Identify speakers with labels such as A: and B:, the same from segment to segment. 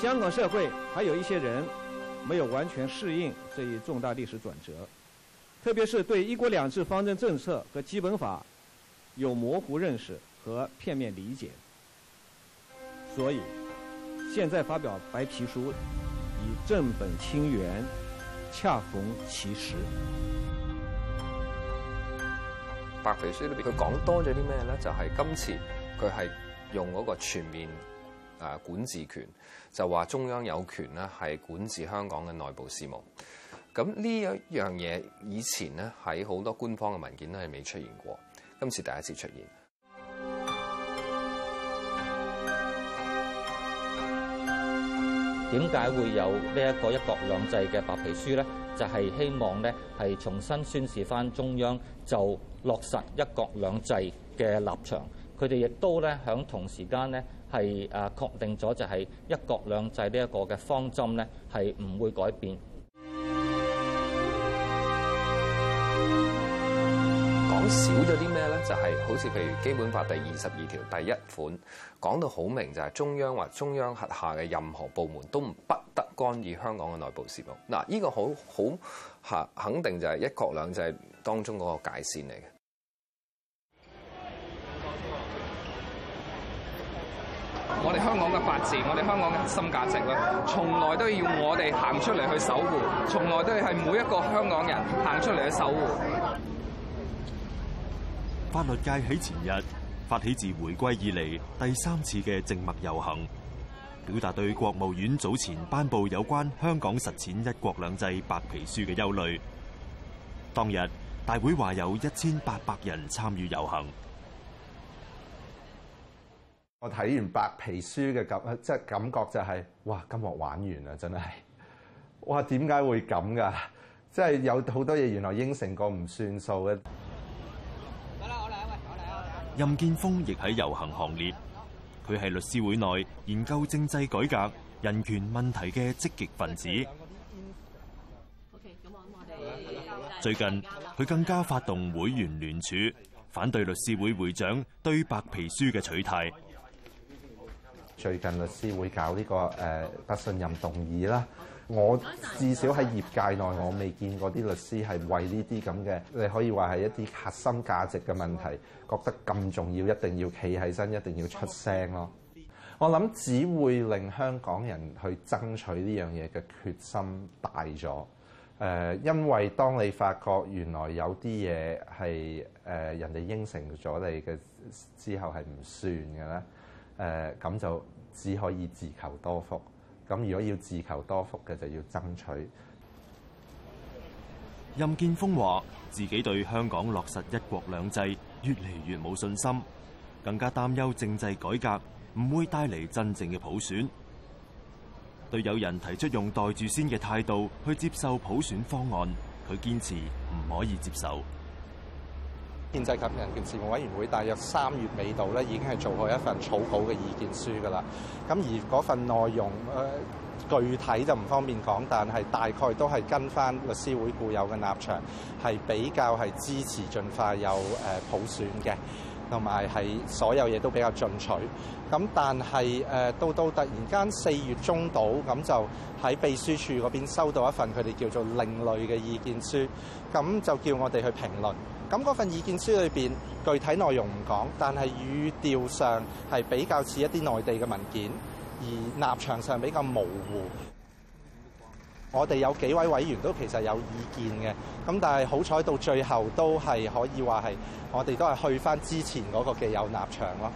A: 香港社會還有一些人沒有完全適應這一重大歷史轉折，特別是對“一國兩制”方針政策和《基本法》有模糊認識和片面理解，所以現在發表白皮書，以正本清源，恰逢其時。白皮書裏面佢講多咗啲咩咧？就係、是、今次佢係用嗰個全面。誒、啊、管治權就話中央有權咧，係管治香港嘅內部事務。咁呢一樣嘢以前咧喺好多官方嘅文件都係未出現過，今次第一次出現。點解會
B: 有呢一個一國兩制嘅白皮書呢？就係、是、希望呢係重新宣示返中央就落實一國兩制嘅立場。佢哋亦都呢，喺同時間呢。係誒確定咗就係一國兩制呢一個嘅方針
A: 咧，係唔會改變。講少咗啲咩咧？就係、是、好似譬如《基本法》第二十二條第一款講到好明，就係中央或中央轄下嘅任何部門都不得干預香港嘅內部事務這。嗱，呢個好好嚇肯定就係一國兩制當中嗰個界線嚟嘅。香港嘅法治，我哋香港嘅核心價值咧，從來都要我哋行出嚟，去守護，從來都係每一個香港人行出嚟,去守護。
C: 法律界喺前日發起自回歸以嚟第三次嘅靜默遊行，表達對國務院早前頒布有關香港實踐一國兩制白皮書嘅憂慮。當日大會話有一千八百人參與遊行。
B: 我睇完白皮書嘅感，即係感覺就係、是、哇，今日玩完啦，真係哇，點解會咁噶？即係有好多嘢，原來應承過唔
C: 算數嘅。好啦，我嚟啦，喂，我嚟啦，我嚟啦。任建峰亦喺遊行行列，佢係律師會內研究政制改革、人權問題嘅積極分子。最近佢更加發動會員聯署，反對律師會會長對白皮書嘅取締。
B: 最近律師會搞呢個誒不信任動議啦，我至少喺業界內，我未見過啲律師係為呢啲咁嘅，你可以話係一啲核心價值嘅問題，覺得咁重要，一定要企起身，一定要出聲咯。我諗只會令香港人去爭取呢樣嘢嘅決心大咗。誒，因為當你發覺原來有啲嘢係誒人哋應承咗你嘅之後係唔算嘅咧。誒咁就只可以自求多福。咁如果要自求多
C: 福嘅，就要爭取。任建峰話：自己對香港落實一國兩制越嚟越冇信心，更加擔憂政制改革唔會帶嚟真正嘅普選。對有人提出用待住先嘅態度去接受普選方案，佢堅持唔可以接受。
B: 建制及人權事務委員會大約三月尾度咧，已經係做過一份草稿嘅意見書㗎啦。咁而嗰份內容誒具體就唔方便講，但係大概都係跟翻律師會固有嘅立場，係比較係支持進化有誒普選嘅，同埋係所有嘢都比較進取。咁但係誒到到突然間四月中到咁就喺秘書處嗰邊收到一份佢哋叫做另類嘅意見書，咁就叫我哋去評論。咁嗰份意見書裏面，具體內容唔講，但係語調上係比較似一啲內地嘅文件，而立場上比較模糊。我哋有幾位委員都其實有意見嘅，咁但係好彩到最後都係可以話係，我哋都係去返之前嗰個既有立場咯。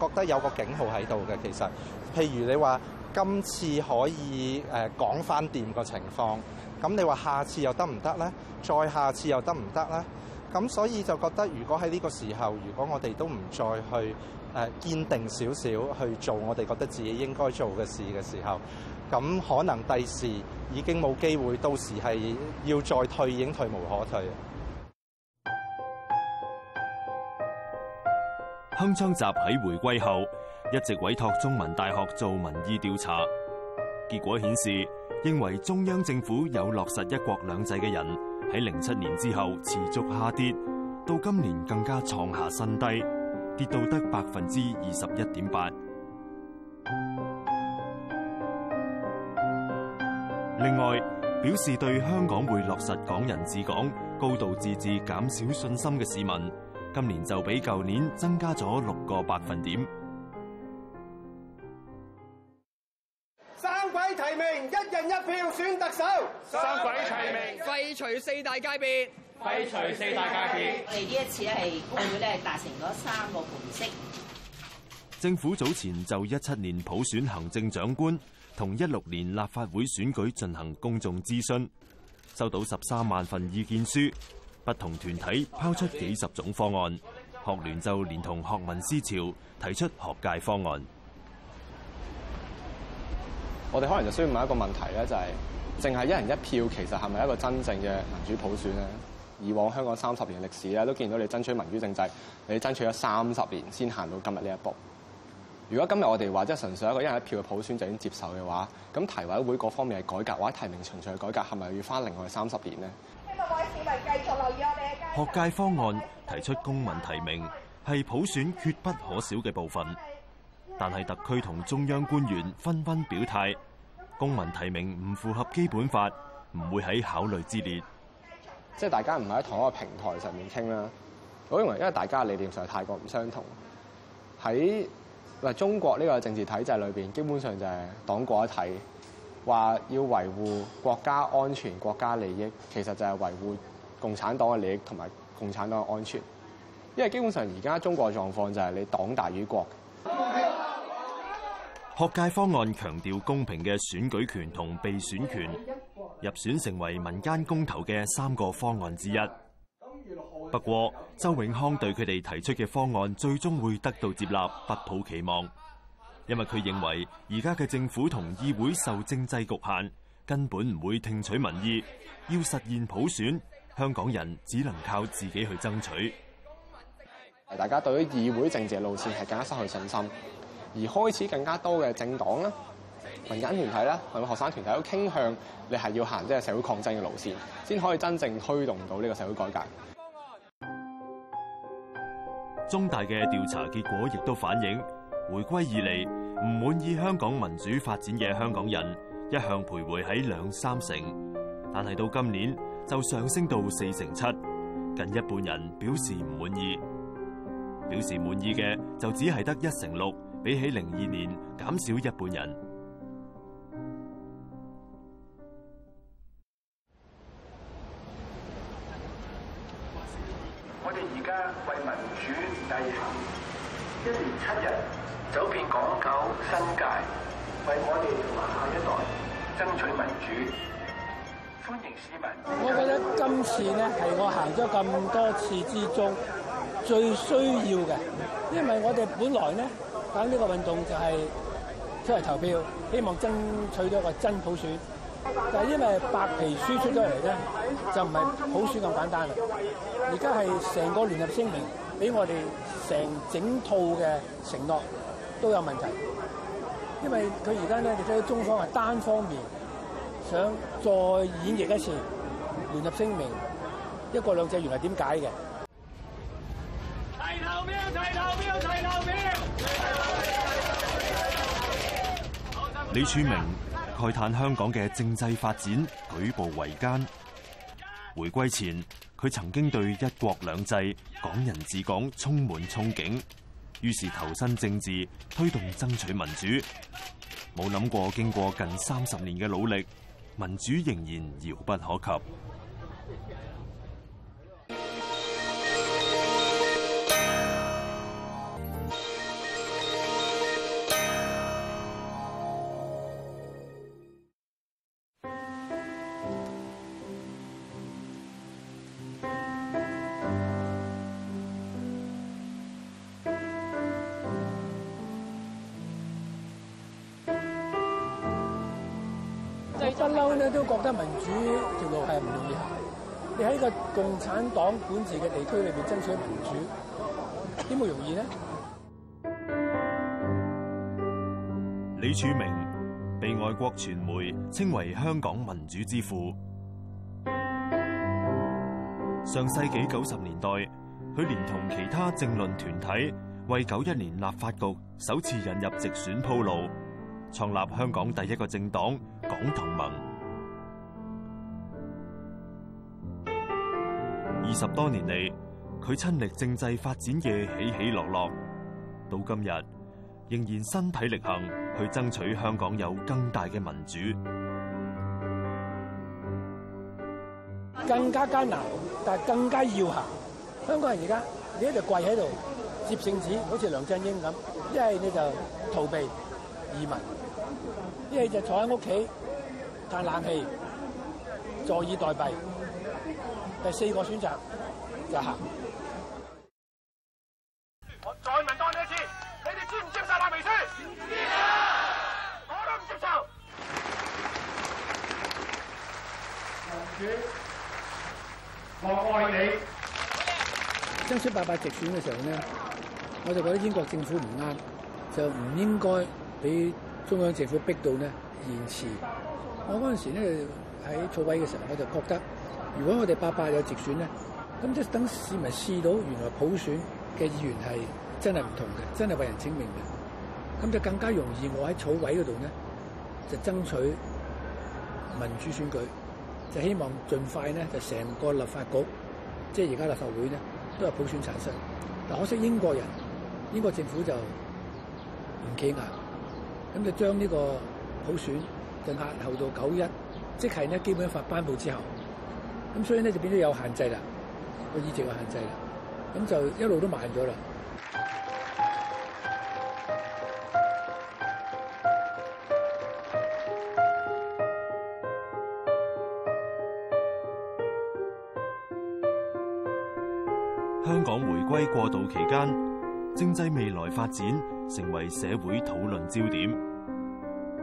B: 覺得有個警號喺度嘅，其實譬如你話。今次可以誒講翻掂個情況，咁你話下次又得唔得呢？再下次又得唔得呢？咁所以就覺得，如果喺呢個時候，如果我哋都唔再去誒堅定少少去做我哋覺得自己應該做嘅事嘅時候，咁可能第時已經冇機會，到時係要再退已經退無可退。
C: 香江集體回歸後。一直委託中文大學做民意調查，結果顯示，認為中央政府有落實一國兩制嘅人喺零七年之後持續下跌，到今年更加創下新低，跌到得百分之二十一點八。另外，表示對香港會落實港人治港、高度自治減少信心嘅市民，今年就比舊年增加咗六個百分點。
A: 四大界別，廢除四大界別，界別我哋呢一次咧係公會咧達成咗三個共識。
C: 政府早前就一七年普選行政長官同一六年立法會選舉進行公眾諮詢，收到十三萬份意見書，不同團體拋出幾十種方案。學聯就連同學民思潮提出學界方案。我哋可能就需要問一
A: 個問題咧，就係、是。淨係一人一票，其實係咪一個真正嘅民主普選呢？以往香港三十年歷史咧，都見到你爭取民主政制，你爭取咗三十年先行到今日呢一步。如果今日我哋話即係純粹一個一人一票嘅普選就已經接受嘅話，咁提委會
C: 嗰方面嘅改革或者提名程序嘅改革，係咪要花另外三十年呢？學界方案提出公民提名係普選絕不可少嘅部分，但係特區同中央官員紛紛表態。公民提名唔符合基本法，唔會喺考慮之列。
A: 即係大家唔係喺同一個平台上面傾啦。我認為因為大家嘅理念實在太過唔相同。喺嗱中國呢個政治體制裏邊，基本上就係黨國一體，話要維護國家安全、國家利益，其實就係維護共產黨嘅利益同埋共產黨嘅安全。因為基本上而家中國嘅狀況就係你黨大於國。
C: 學界方案強調公平嘅選舉權同被選權，入選成為民間公投嘅三個方案之一。不過，周永康對佢哋提出嘅方案最終會得到接納不抱期望，因為佢認為而家嘅政府同議會受政制局限，根本唔會聽取民意。要實現普選，香港人只能靠自己去爭取。
A: 大家對於議會政治嘅路線係更加失去信心。而開始更加多嘅政黨啦、民間團體啦、係咪學生團體都傾向你係要行即係社會抗爭嘅路線，先可以真正推動到呢個社會改
C: 革。中大嘅調查結果亦都反映，回歸以嚟唔滿意香港民主發展嘅香港人，一向徘徊喺兩三成，但係到今年就上升到四成七，近一半人表示唔滿意，表示滿意嘅就只係得一成六。比起零二年減少一半人，
D: 我哋而家為民主毅行一年七日，走遍港九新界，為我哋下一代爭取民主，
E: 歡迎市民。我覺得今次呢係我行
D: 咗咁多次之中最需要嘅，因為我哋本來呢。搞呢個運動就係出嚟投票，希望爭取到一個真普選。
B: 就係因為白皮書出咗嚟咧，就唔係普選咁簡單啦。
D: 而家係成個聯合聲明，俾我哋成整，整套嘅承諾都有問題。因為佢而家咧，就睇到中方係單方面想再演繹一次聯合聲明，一國兩制原來點解嘅？提投票！提投票！提投票！
C: 李柱明慨嘆香港嘅政制發展舉步維艱。回歸前，佢曾經對一國兩制、港人治港充滿憧憬，於是投身政治，推動爭取民主。冇諗過，經過近三十年嘅努力，民主仍然遙不可及。
D: 條路係唔容易行，你喺個共產黨管治嘅地區裏邊爭取民主，點會容易呢？
C: 李柱銘被外國傳媒稱為香港民主之父。上世紀九十年代，佢連同其他政論團體，為九一年立法局首次引入直選鋪路，創立香港第一個政黨港同盟。二十多年嚟，佢親歷政制發展嘅起起落落，到今日仍然身體力行去爭取香港有更大嘅民主，
D: 更加艱難，但係更加要行。香港人而家你喺度跪喺度接聖旨，好似梁振英咁；一係你就逃避移民，一係就坐喺屋企嘆冷氣，坐以待斃。第四個選擇就行。我再問多你一次，你哋知唔知受拉明斯？Yeah! 我都唔接受。民主，我愛你。爭取八八直選嘅時候呢，我就覺得英國政府唔啱，就唔應該俾中央政府逼到呢延遲。我嗰陣時喺坐位嘅時候，我就覺得。如果我哋八八有直選咧，咁即等市民試到原來普選嘅議員係真係唔同嘅，真係為人請命嘅，咁就更加容易。我喺草委嗰度呢，就爭取民主選舉，就希望盡快呢就成個立法局，即係而家立法會呢都係普選產生。但可惜英國人，英國政府就唔企硬，咁就將呢個普選就押後到九一，即係呢基本法頒布之後。咁所以咧就變咗有限制啦，個議席有限制啦，咁就一路都慢咗啦。
C: 香港回歸過渡期間，政制未來發展成為社會討論焦點，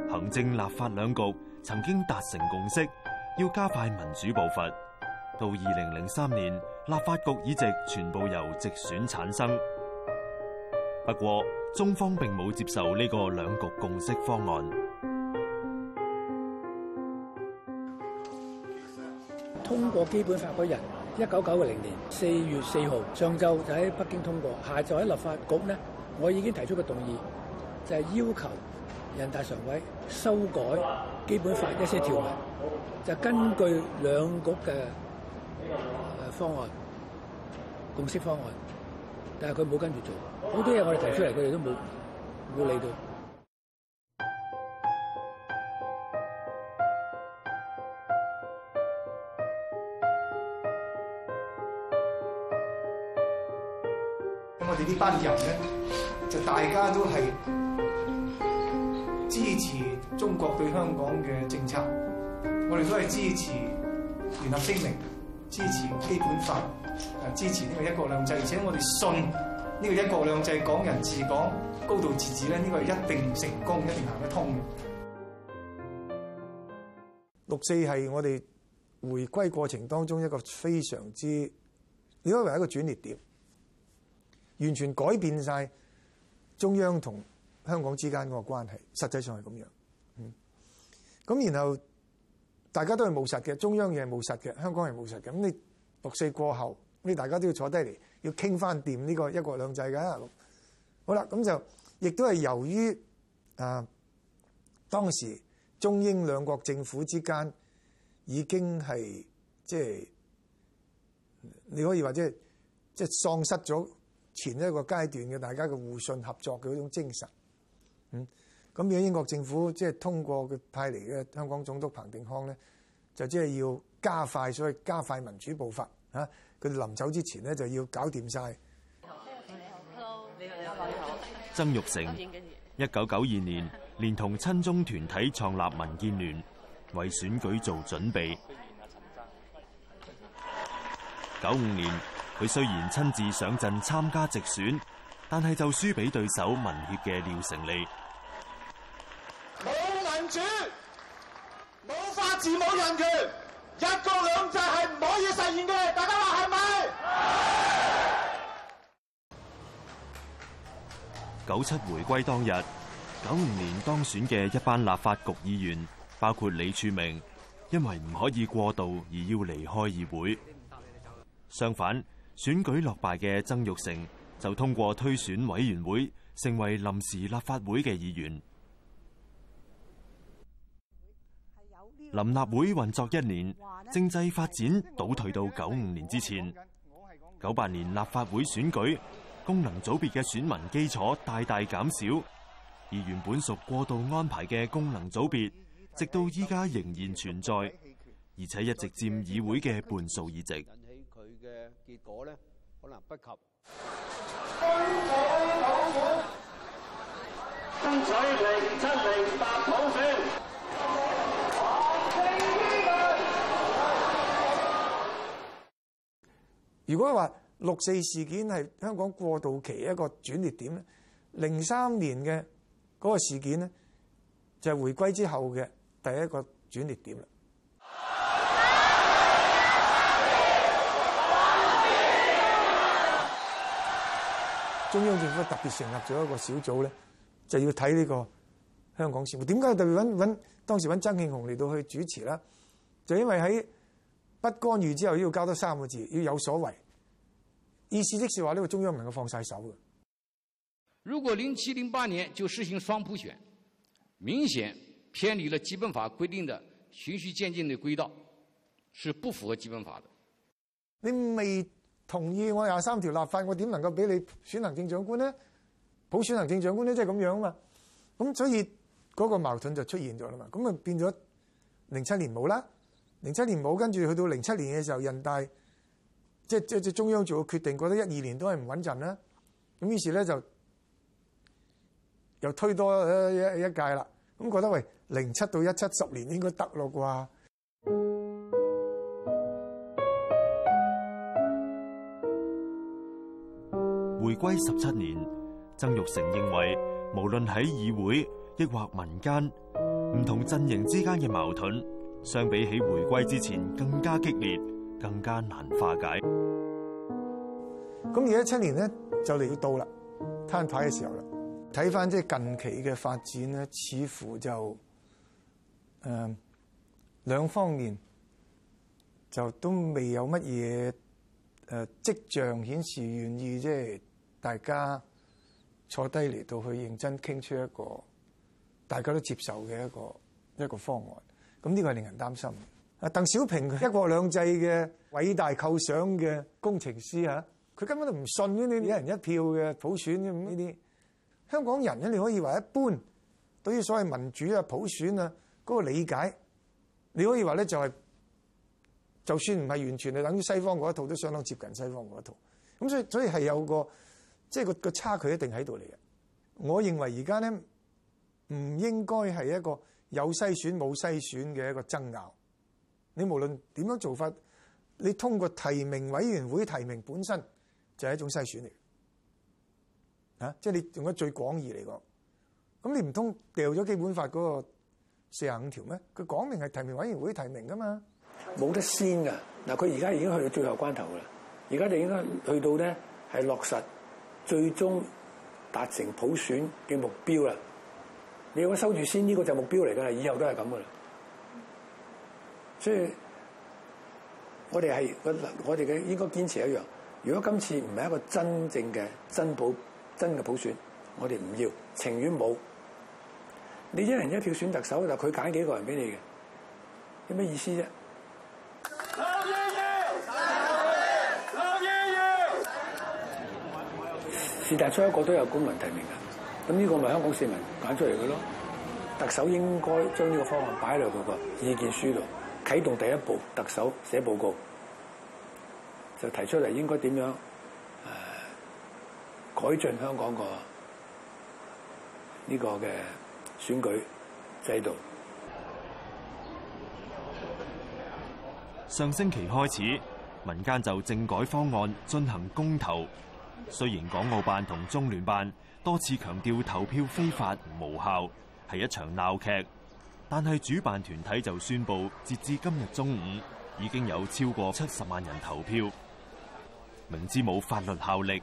C: 行政立法兩局曾經達成共識，要加快民主步伐。到二零零三年，立法局議席全部由直選產生。不過，中方並冇接受呢個兩局共識方案。
D: 通過基本法嗰日，一九九零年四月四號上晝就喺北京通過，下晝喺立法局咧，我已經提出個動議，就係、是、要求人大常委修改基本法一些條文，就根據兩局嘅。方案，共識方案，但係佢冇跟住做，好多嘢我哋提出嚟，佢哋都冇冇理到。
E: 我哋呢班人咧，就大家都係支持中國對香港嘅政策，我哋都係支持聯合聲明。支持基本法，誒支持呢個一國兩制，而且我哋信呢個一國兩制、港人治港、高度自治咧，呢個一定成功，一定行得通。六四係我哋回歸過程當中一個非常之，應該為一個轉捩點，完全改變晒中央同香港之間嗰個關係，實際上係咁樣。嗯，咁然後。大家都係務實嘅，中央嘢係務實嘅，香港係務實嘅。咁你六四過後，你大家都要坐低嚟，要傾翻掂呢個一國兩制㗎。好啦，咁就亦都係由於啊當時中英兩國政府之間已經係即係你可以話即係即係喪失咗前一個階段嘅大家嘅互信合作嘅嗰種精神，嗯。咁嘅英國政府即係通過佢派嚟嘅香港總督彭定康咧，就即係要加快所謂加快民主步伐啊！佢臨走之前咧，就要搞掂晒。
C: 曾玉成，一九九二年連同親中團體創立民建聯，為選舉做準備。九五年，佢雖然親自上陣參加直選，但係就輸畀對手民協嘅廖成利。
A: 冇法治冇人權，一國兩制係唔可以實現嘅。大家話係咪？
C: 九七回歸當日，九五年當選嘅一班立法局議員，包括李柱銘，因為唔可以過渡而要離開議會。相反，選舉落敗嘅曾鈺成就通過推選委員會，成為臨時立法會嘅議員。林立會運作一年，政制發展倒退到九五年之前。九八年立法會選舉，功能組別嘅選民基礎大大減少，而原本屬過渡安排嘅功能組別，直到依家仍然存在，而且一直佔議會嘅半數議席。引起佢
A: 嘅結果呢，可能不及爭取零七零八普選。
E: 如果話六四事件係香港過渡期一個轉捩點咧，零三年嘅嗰個事件咧，就係回歸之後嘅第一個轉捩點啦。中央政府特別成立咗一個小組咧，就要睇呢個香港事務。點解特別揾揾當時揾曾慶紅嚟到去主持咧？就因為喺不干預之後要交多三個字，要有所為，意思即是話呢個中央唔能夠放晒手嘅。
A: 如果零七零八年就施行雙普選，明顯偏離咗基本法規定嘅循序漸進嘅軌道，是不符合基本法的。
E: 你未同意我廿三條立法，我點能夠俾你選行政長官呢？普選行政長官呢，即係咁樣啊嘛。咁所以嗰個矛盾就出現咗啦嘛。咁啊變咗零七年冇啦。零七年冇，跟住去到零七年嘅時候，人大即係即係中央做個決定，覺得一二年都係唔穩陣啦。咁於是咧就又推多一一屆啦。咁覺得喂，零七到一七十年應該得咯啩。
C: 回歸十七年，曾鈺成認為，無論喺議會抑或民間，唔同陣營之間嘅矛盾。相比起回歸之前，更加激烈，更加難化解。
E: 咁而家七年咧就嚟要到啦，攤牌嘅時候啦。睇翻即係近期嘅發展咧，似乎就誒兩、嗯、方面就都未有乜嘢誒跡象顯示願意即係、就是、大家坐低嚟到去認真傾出一個大家都接受嘅一個一個方案。咁呢個係令人擔心。啊，鄧小平佢一國兩制嘅偉大構想嘅工程師啊，佢根本都唔信呢啲一人一票嘅普選呢啲。香港人咧，你可以話一般對於所謂民主啊、普選啊嗰個理解，你可以話咧就係就算唔係完全係等於西方嗰一套，都相當接近西方嗰一套。咁所以所以係有個即係個個差距一定喺度嚟嘅。我認為而家咧唔應該係一個。有篩選冇篩選嘅一個爭拗，你無論點樣做法，你通過提名委員會提名本身就係一種篩選嚟，嚇，即係你用咗最廣義嚟講，咁你唔通掉咗基本法嗰個四十五條咩？佢講明係提名委員會提名㗎嘛，
D: 冇得先㗎。嗱，佢而家已經去到最後關頭啦，而家你應該去到咧係落實最終達成普選嘅目標啦。你如果收住先，呢個就目標嚟噶啦，以後都係咁噶啦。所以，我哋係我哋嘅，應該堅持一樣，如果今次唔係一個真正嘅真普真嘅普選，我哋唔要，情願冇。你一人一票選特首，就佢揀幾個人俾你嘅，有咩意思啫？劉是但出一個都有公民提名。咁、這、呢個咪香港市民揀出嚟嘅咯，特首應該將呢個方案擺落佢個意見書度，啟動第一步，特首寫報告，就提出嚟應該點樣誒改進香港的個呢個嘅選舉制度。
C: 上星期開始，民間就政改方案進行公投，雖然港澳辦同中聯辦。多次強調投票非法無效係一場鬧劇，但係主辦團體就宣佈，截至今日中午已經有超過七十萬人投票。明知冇法律效力，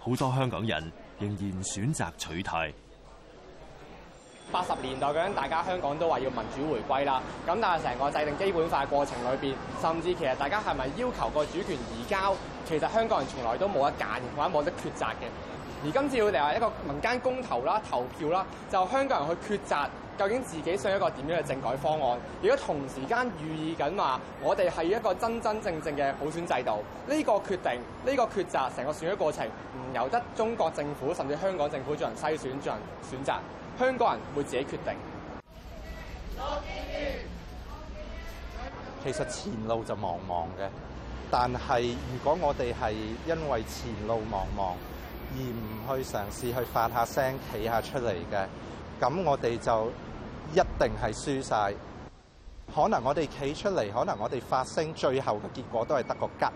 C: 好多香港人仍然選擇取締。
A: 八十年代嗰陣，大家香港都話要民主回歸啦。咁但係成個制定基本法過程裏面，甚至其實大家係咪要求個主權移交？其實香港人從來都冇得揀，或者冇得抉擇嘅。而今次我哋話一個民間公投啦、投票啦，就香港人去抉擇究竟自己想一個點樣嘅政改方案。如果同時間寓意緊話，我哋係一個真真正正嘅普選制度，呢個決定、呢個抉擇、成個選舉過程，唔由得中國政府甚至香港政府進行篩選、進行選擇，香港人會自己決定。
B: 其實前路就茫茫嘅，但係如果我哋係因為前路茫茫，而唔去嘗試去發下聲、企下出嚟嘅，咁我哋就一定係輸晒。可能我哋企出嚟，可能我哋發聲，最後嘅結果都係得個吉。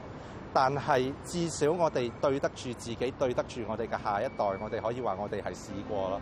B: 但係至少我哋對得住自己，對得住我哋嘅下一代，我哋可以話我哋係試過咯。